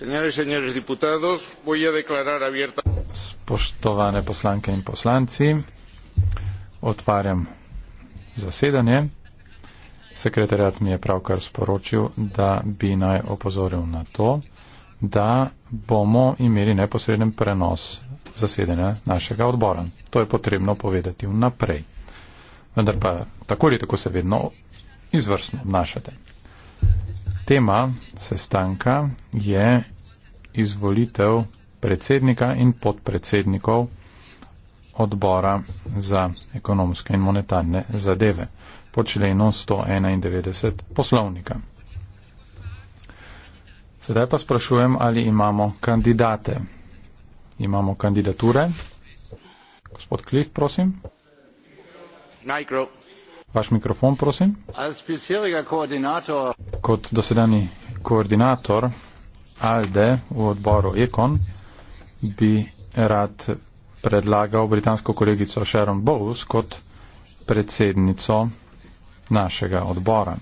señores y señores diputados voy a declarar abierta Spoštovane poslanke in poslanci, otvarjam zasedanje. Sekretariat mi je pravkar sporočil, da bi naj opozoril na to, da bomo imeli neposreden prenos zasedanja našega odbora. To je potrebno povedati vnaprej. Vendar pa tako ali tako se vedno izvrstno obnašate tema sestanka je izvolitev predsednika in podpredsednikov odbora za ekonomske in monetarne zadeve po členu 191 poslovnika. Sedaj pa sprašujem, ali imamo kandidate. Imamo kandidature. Gospod Klif, prosim. Najkrat. Vaš mikrofon, prosim. Kot dosedani koordinator ALDE v odboru ECON bi rad predlagal britansko kolegico Sharon Bowes kot predsednico našega odbora.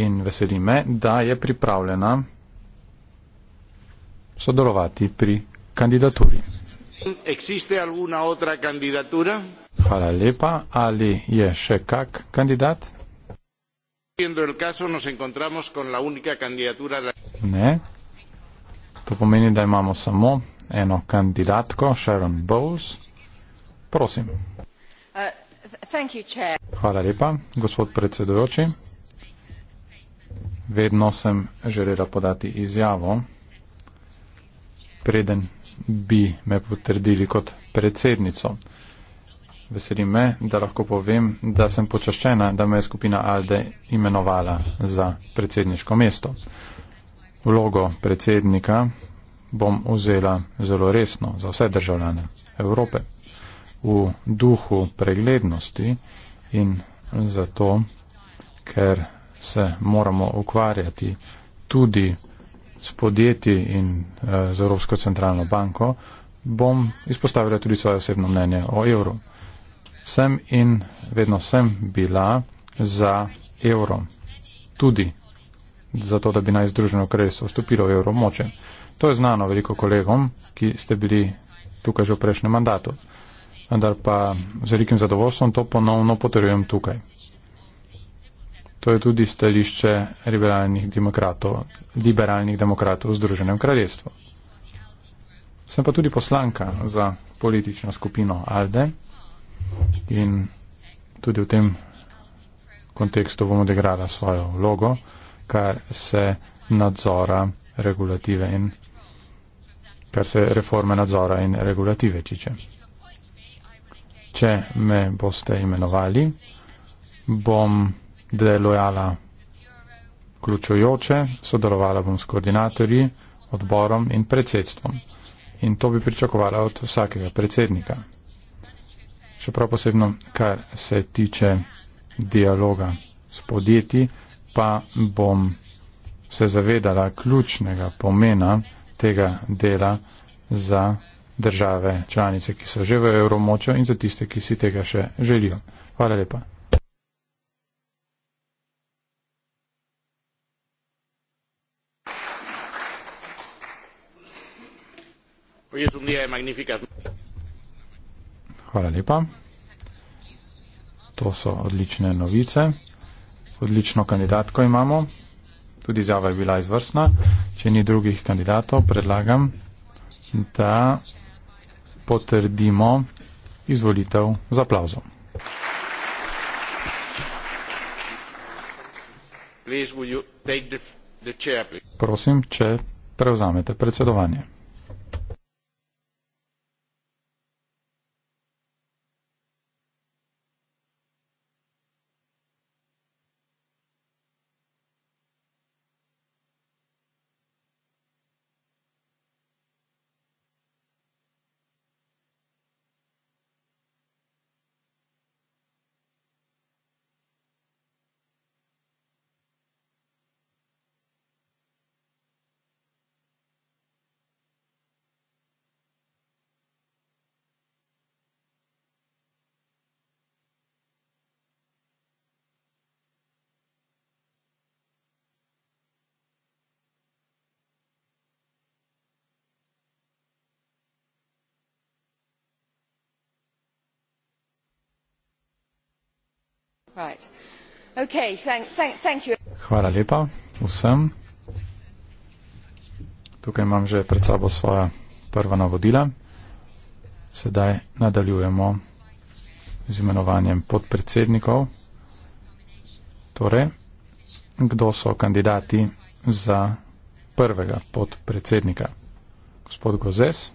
In veseli me, da je pripravljena sodelovati pri kandidaturi. Existe alguna otra candidatura? Hvala lepa. Ali je še kak kandidat? Ne. To pomeni, da imamo samo eno kandidatko, Sharon Bowles. Prosim. Uh, Hvala lepa, gospod predsedujoči. Vedno sem želela podati izjavo, preden bi me potrdili kot predsednico. Veseli me, da lahko povem, da sem počaščena, da me je skupina Alde imenovala za predsedniško mesto. Vlogo predsednika bom vzela zelo resno za vse državljane Evrope. V duhu preglednosti in zato, ker se moramo ukvarjati tudi s podjetji in eh, z Evropsko centralno banko, bom izpostavila tudi svoje osebno mnenje o evru sem in vedno sem bila za evro. Tudi zato, da bi naj Združeno kraljestvo vstopilo v evro moče. To je znano veliko kolegom, ki ste bili tukaj že v prejšnjem mandatu. Vendar pa z velikim zadovoljstvom to ponovno potrjujem tukaj. To je tudi stališče liberalnih demokratov, liberalnih demokratov v Združenem kraljestvu. Sem pa tudi poslanka za politično skupino ALDE in tudi v tem kontekstu bom odigrala svojo vlogo, kar se nadzora regulative in kar se reforme nadzora in regulative tiče. Če me boste imenovali, bom delojala ključujoče, sodelovala bom s koordinatorji, odborom in predsedstvom. In to bi pričakovala od vsakega predsednika še prav posebno, kar se tiče dialoga s podjetji, pa bom se zavedala ključnega pomena tega dela za države članice, ki so že v evromočju in za tiste, ki si tega še želijo. Hvala lepa. Hoy es un día de magníficas. Hvala lepa. To so odlične novice. Odlično kandidatko imamo. Tudi izjava je bila izvrstna. Če ni drugih kandidatov, predlagam, da potrdimo izvolitev z aplauzom. Prosim, če prevzamete predsedovanje. Hvala lepa vsem. Tukaj imam že pred sabo svoja prva navodila. Sedaj nadaljujemo z imenovanjem podpredsednikov. Torej, kdo so kandidati za prvega podpredsednika? Gospod Gozes.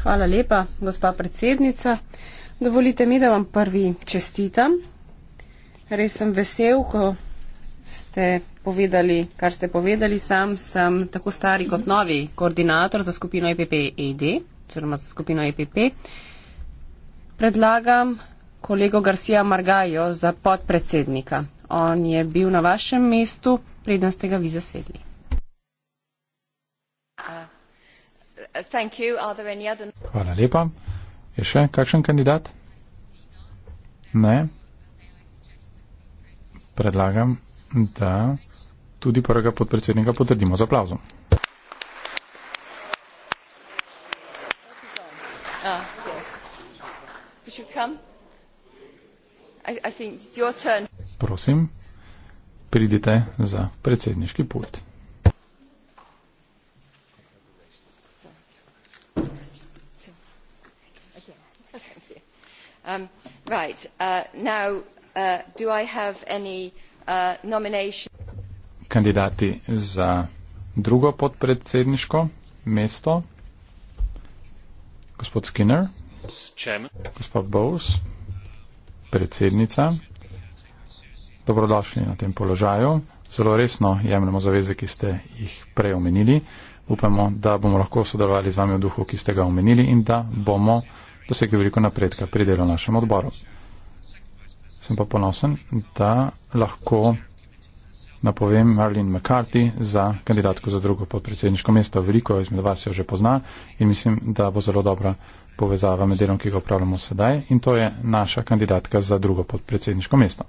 Hvala lepa, gospa predsednica. Dovolite mi, da vam prvi čestitam. Res sem vesel, ko ste povedali, kar ste povedali. Sam sem tako stari kot novi koordinator za skupino EPP ED, oziroma za skupino EPP. Predlagam kolego Garcia Margajo za podpredsednika. On je bil na vašem mestu, preden ste ga vi zasedli. Uh, Hvala lepa. Je še kakšen kandidat? Ne. Predlagam, da tudi prvega podpredsednika potrdimo z aplauzom. Ah, Prosim, pridite za predsedniški pult. Right. Uh, now, uh, do I have any uh, nomination? Kandidati za drugo podpredsedniško mesto. Gospod Skinner. Gospod Bowles, predsednica. Dobrodošli na tem položaju. Zelo resno jemljemo zaveze, ki ste jih prej omenili. Upamo, da bomo lahko sodelovali z vami v duhu, ki ste ga omenili in da bomo dosegli veliko napredka pri delu na našem odboru. Sem pa ponosen, da lahko napovem Marlene McCarthy za kandidatko za drugo podpredsedniško mesto. Veliko izmed vas jo že pozna in mislim, da bo zelo dobra povezava med delom, ki ga upravljamo sedaj in to je naša kandidatka za drugo podpredsedniško mesto.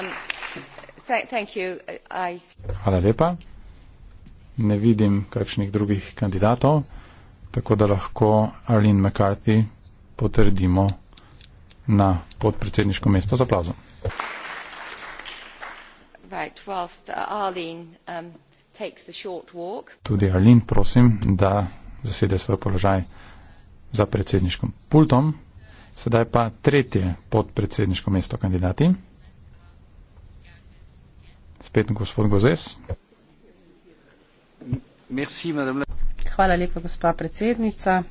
Um, Hvala lepa ne vidim kakšnih drugih kandidatov, tako da lahko Arlene McCarthy potrdimo na podpredsedniško mesto za plazo. Right, uh, um, Tudi Arlene prosim, da zasede svoj položaj za predsedniškom pultom. Sedaj pa tretje podpredsedniško mesto kandidati. Spet gospod Gozes. Hvala lepa, gospa predsednica.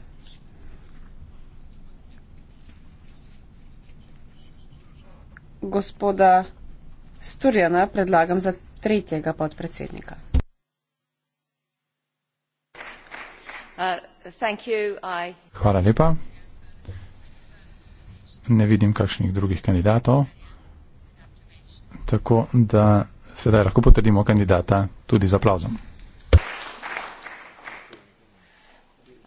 Gospoda Sturjana predlagam za tretjega podpredsednika. Uh, Hvala lepa. Ne vidim kakšnih drugih kandidatov, tako da sedaj lahko potrdimo kandidata tudi z aplavzom.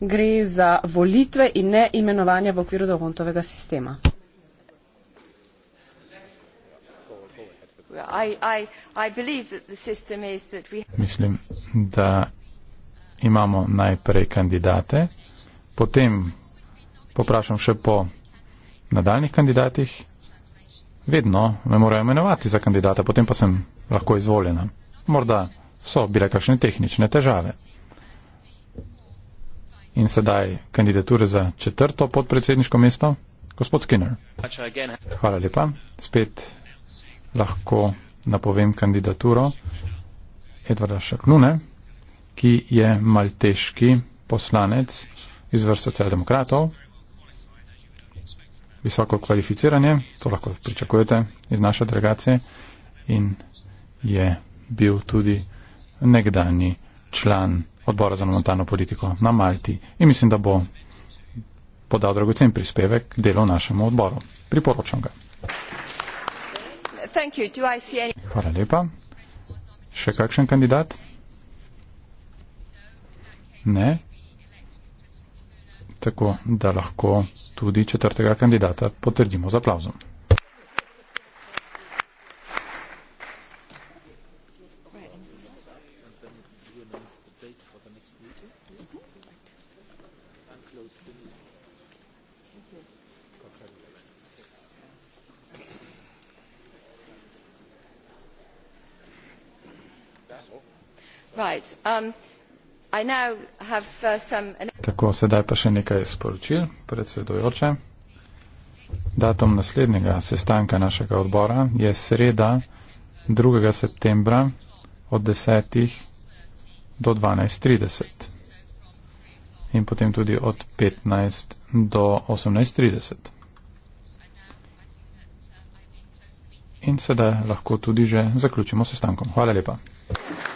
gre za volitve in ne imenovanje v okviru dogontovega sistema. Mislim, da imamo najprej kandidate, potem poprašam še po nadaljnih kandidatih. Vedno me morajo imenovati za kandidata, potem pa sem lahko izvoljena. Morda so bile kakšne tehnične težave in sedaj kandidature za četrto podpredsedniško mesto. Gospod Skinner. Hvala lepa. Spet lahko napovem kandidaturo Edvarda Šaknune, ki je malteški poslanec iz vrst socialdemokratov. Visoko kvalificiranje, to lahko pričakujete iz naše delegacije in je bil tudi nekdani član odbora za notarno politiko na Malti in mislim, da bo podal dragocen prispevek delo našemu odboru. Priporočam ga. Hvala lepa. Še kakšen kandidat? Ne. Tako da lahko tudi četrtega kandidata potrdimo z aplauzom. close to me. Thank you. Right, um, I now have, uh, some... Tako, sedaj pa še nekaj sporočil, predsedujoče. Datum naslednjega sestanka našega odbora je sreda 2. septembra od 10. do 12.30 in potem tudi od 15 do 18.30. In sedaj lahko tudi že zaključimo sestankom. Hvala lepa.